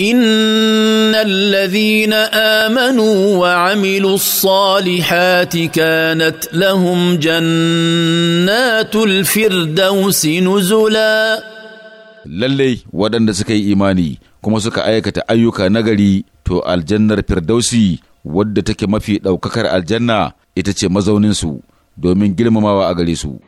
ان الذين امنوا وعملوا الصالحات كانت لهم جنات الفردوس nuzula. lallai waɗanda suka yi imani kuma suka aikata ayyuka nagari to aljannar firdausi wadda take mafi ɗaukakar aljanna ita ce mazauninsu domin girmamawa a gare